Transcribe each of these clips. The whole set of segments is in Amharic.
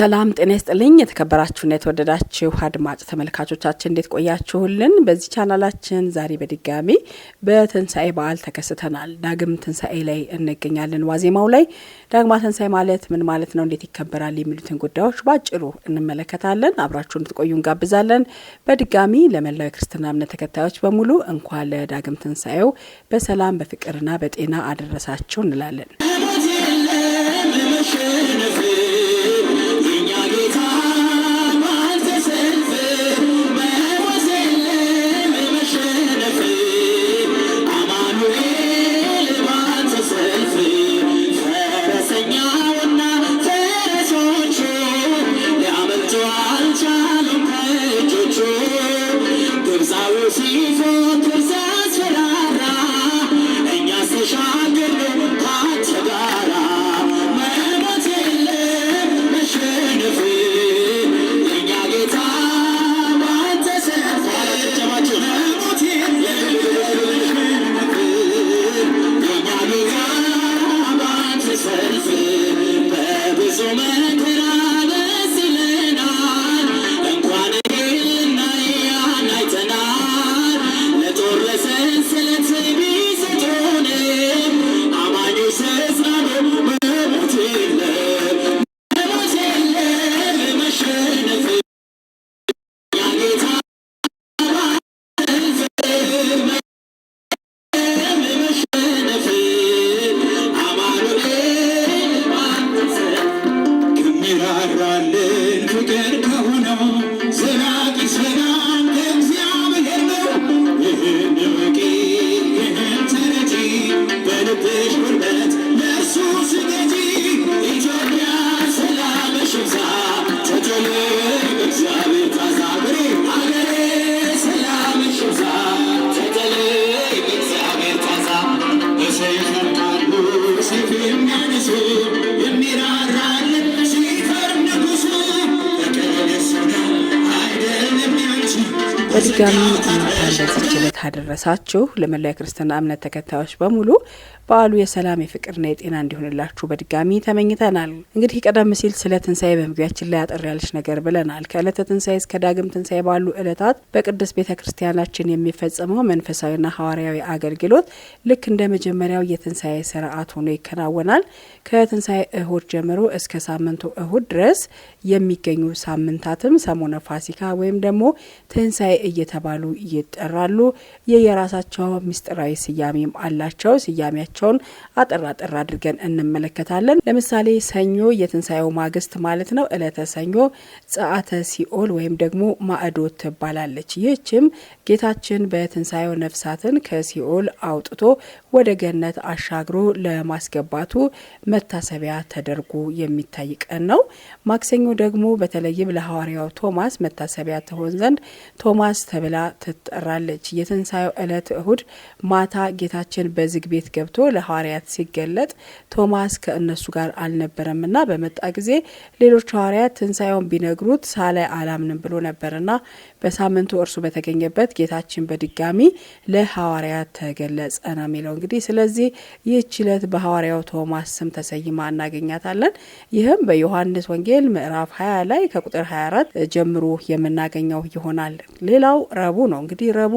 ሰላም ጤና ይስጥልኝ። የተከበራችሁና የተወደዳችሁ አድማጭ ተመልካቾቻችን እንዴት ቆያችሁልን? በዚህ ቻናላችን ዛሬ በድጋሚ በትንሣኤ በዓል ተከስተናል። ዳግም ትንሣኤ ላይ እንገኛለን። ዋዜማው ላይ ዳግማ ትንሣኤ ማለት ምን ማለት ነው? እንዴት ይከበራል? የሚሉትን ጉዳዮች ባጭሩ እንመለከታለን። አብራችሁ እንድትቆዩ እንጋብዛለን። በድጋሚ ለመላው የክርስትና እምነት ተከታዮች በሙሉ እንኳን ለዳግም ትንሣኤው በሰላም በፍቅርና በጤና አደረሳችሁ እንላለን። bergabung እናንተ ችለት አደረሳችሁ። ለመላው የክርስትና እምነት ተከታዮች በሙሉ በዓሉ የሰላም የፍቅርና የጤና እንዲሆንላችሁ በድጋሚ ተመኝተናል። እንግዲህ ቀደም ሲል ስለ ትንሣኤ በመግቢያችን ላይ አጠር ያለች ነገር ብለናል። ከዕለተ ትንሣኤ እስከ ዳግም ትንሣኤ ባሉ ዕለታት በቅድስት ቤተ ክርስቲያናችን የሚፈጸመው መንፈሳዊና ሐዋርያዊ አገልግሎት ልክ እንደ መጀመሪያው የትንሣኤ ስርዓት ሆኖ ይከናወናል። ከትንሣኤ እሁድ ጀምሮ እስከ ሳምንቱ እሁድ ድረስ የሚገኙ ሳምንታትም ሰሞነ ፋሲካ ወይም ደግሞ ትንሣኤ እየተባሉ ይጠ ይጠራሉ። የየራሳቸው ምስጢራዊ ስያሜም አላቸው። ስያሜያቸውን አጠራ ጠራ አድርገን እንመለከታለን። ለምሳሌ ሰኞ የትንሣኤው ማግስት ማለት ነው። እለተ ሰኞ ጸአተ ሲኦል ወይም ደግሞ ማዕዶት ትባላለች። ይህችም ጌታችን በትንሣኤው ነፍሳትን ከሲኦል አውጥቶ ወደ ገነት አሻግሮ ለማስገባቱ መታሰቢያ ተደርጎ የሚታይ ቀን ነው። ማክሰኞ ደግሞ በተለይም ለሐዋርያው ቶማስ መታሰቢያ ትሆን ዘንድ ቶማስ ተብላ ትጠራ ትጠራለች። የትንሣኤው ዕለት እሁድ ማታ ጌታችን በዝግ ቤት ገብቶ ለሐዋርያት ሲገለጥ ቶማስ ከእነሱ ጋር አልነበረምና በመጣ ጊዜ ሌሎች ሐዋርያት ትንሣኤውን ቢነግሩት ሳላይ አላምንም ብሎ ነበርና በሳምንቱ እርሱ በተገኘበት ጌታችን በድጋሚ ለሐዋርያት ተገለጸ ነው የሚለው እንግዲህ። ስለዚህ ይህች ዕለት በሐዋርያው ቶማስ ስም ተሰይማ እናገኛታለን። ይህም በዮሐንስ ወንጌል ምዕራፍ 20 ላይ ከቁጥር 24 ጀምሮ የምናገኘው ይሆናል። ሌላው ረቡ ነው እንግዲህ ረቡ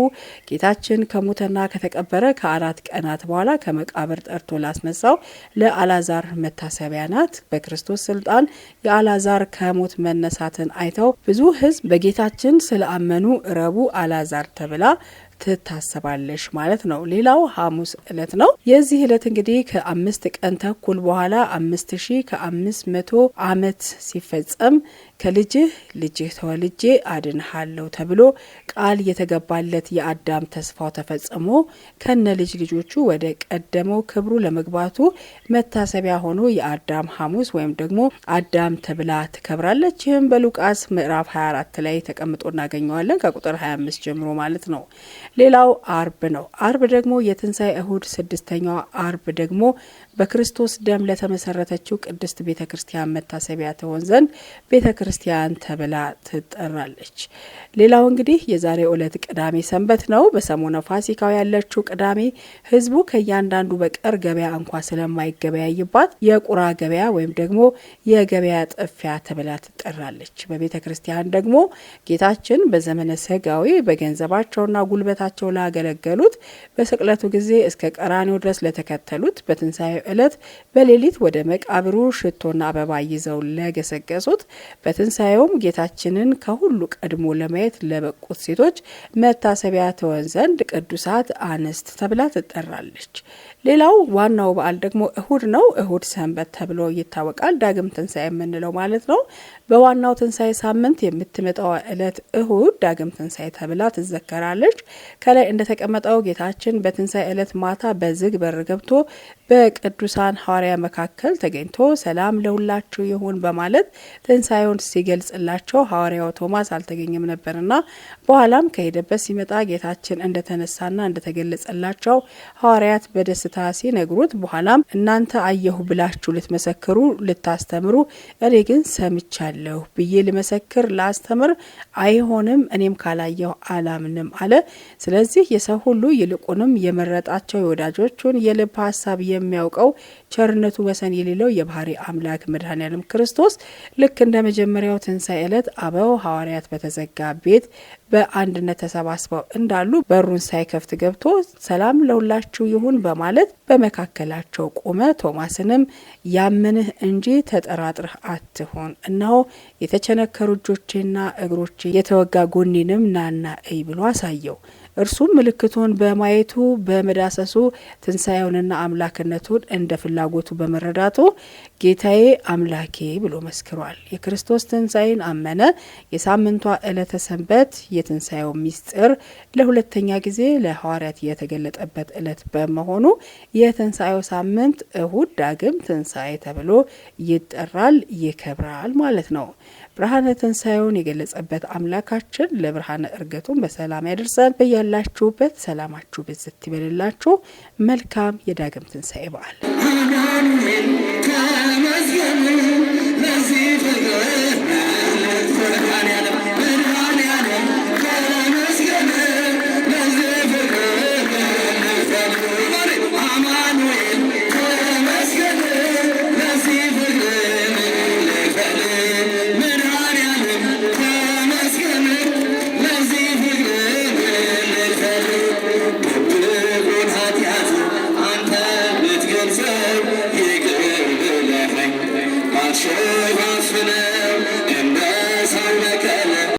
ጌታችን ከሞተና ከተቀበረ ከአራት ቀናት በኋላ ከመቃብር ጠርቶ ላስነሳው ለአላዛር መታሰቢያ ናት። በክርስቶስ ስልጣን የአላዛር ከሞት መነሳትን አይተው ብዙ ሕዝብ በጌታችን ስለአመኑ ረቡ አላዛር ተብላ ትታሰባለች ማለት ነው። ሌላው ሐሙስ እለት ነው። የዚህ እለት እንግዲህ ከአምስት ቀን ተኩል በኋላ አምስት ሺ ከአምስት መቶ አመት ሲፈጸም ከልጅህ ልጅህ ተወልጄ አድንሃለሁ ተብሎ ቃል የተገባለት የአዳም ተስፋው ተፈጽሞ ከነ ልጅ ልጆቹ ወደ ቀደመው ክብሩ ለመግባቱ መታሰቢያ ሆኖ የአዳም ሐሙስ ወይም ደግሞ አዳም ተብላ ትከብራለች። ይህም በሉቃስ ምዕራፍ 24 ላይ ተቀምጦ እናገኘዋለን ከቁጥር 25 ጀምሮ ማለት ነው። ሌላው አርብ ነው። አርብ ደግሞ የትንሣኤ እሁድ ስድስተኛው አርብ ደግሞ በክርስቶስ ደም ለተመሰረተችው ቅድስት ቤተ ክርስቲያን መታሰቢያ ትሆን ዘንድ ቤተ ክርስቲያን ተብላ ትጠራለች። ሌላው እንግዲህ የዛሬ ዕለት ቅዳሜ ሰንበት ነው። በሰሞነ ፋሲካው ያለችው ቅዳሜ ህዝቡ ከእያንዳንዱ በቀር ገበያ እንኳ ስለማይገበያይባት የቁራ ገበያ ወይም ደግሞ የገበያ ጥፊያ ተብላ ትጠራለች። በቤተ ክርስቲያን ደግሞ ጌታችን በዘመነ ስጋዊ በገንዘባቸውና ጉልበት በእምነታቸው ላገለገሉት፣ በስቅለቱ ጊዜ እስከ ቀራኒው ድረስ ለተከተሉት፣ በትንሣኤው ዕለት በሌሊት ወደ መቃብሩ ሽቶና አበባ ይዘው ለገሰገሱት፣ በትንሣኤውም ጌታችንን ከሁሉ ቀድሞ ለማየት ለበቁት ሴቶች መታሰቢያ ትሆን ዘንድ ቅዱሳት አንስት ተብላ ትጠራለች። ሌላው ዋናው በዓል ደግሞ እሁድ ነው። እሁድ ሰንበት ተብሎ ይታወቃል። ዳግም ትንሣኤ የምንለው ማለት ነው። በዋናው ትንሣኤ ሳምንት የምትመጣው ዕለት እሁድ ዳግም ትንሣኤ ተብላ ትዘከራለች። ከላይ እንደተቀመጠው ጌታችን በትንሣኤ ዕለት ማታ በዝግ በር ገብቶ በቅዱሳን ሐዋርያ መካከል ተገኝቶ ሰላም ለሁላችሁ ይሁን በማለት ትንሣኤውን ሲገልጽላቸው ሐዋርያው ቶማስ አልተገኘም ነበርና በኋላም ከሄደበት ሲመጣ ጌታችን እንደተነሳና እንደተገለጸላቸው ሐዋርያት በደስታ ሲነግሩት በኋላም እናንተ አየሁ ብላችሁ ልትመሰክሩ ልታስተምሩ፣ እኔ ግን ሰምቻለሁ ብዬ ልመሰክር ላስተምር አይሆንም፣ እኔም ካላየሁ አላምንም አለ። ስለዚህ የሰው ሁሉ ይልቁንም የመረጣቸው የወዳጆቹን የልብ ሀሳብ የሚያውቀው ቸርነቱ ወሰን የሌለው የባህሪ አምላክ መድኃኔዓለም ክርስቶስ ልክ እንደ መጀመሪያው ትንሣኤ ዕለት አበው ሐዋርያት በተዘጋ ቤት በአንድነት ተሰባስበው እንዳሉ በሩን ሳይከፍት ገብቶ ሰላም ለሁላችሁ ይሁን በማለት በመካከላቸው ቆመ። ቶማስንም ያመንህ እንጂ ተጠራጥርህ አትሆን፣ እነሆ የተቸነከሩ እጆቼና እግሮቼ የተወጋ ጎኔንም ናና እይ ብሎ አሳየው። እርሱም ምልክቱን በማየቱ በመዳሰሱ ትንሣኤውንና አምላክነቱን እንደ ፍላ ፍላጎቱ በመረዳቱ ጌታዬ አምላኬ ብሎ መስክሯል። የክርስቶስ ትንሣኤን አመነ። የሳምንቷ ዕለተ ሰንበት የትንሣኤው ምስጢር ለሁለተኛ ጊዜ ለሐዋርያት የተገለጠበት ዕለት በመሆኑ የትንሣኤው ሳምንት እሁድ ዳግም ትንሣኤ ተብሎ ይጠራል፣ ይከብራል ማለት ነው። ብርሃነ ትንሣኤውን የገለጸበት አምላካችን ለብርሃነ እርገቱን በሰላም ያደርሰን። በያላችሁበት ሰላማችሁ ብዝት ይበልላችሁ። መልካም የዳግም ትንሣኤ በዓል Amin, kamaz gönül, nazife gönül.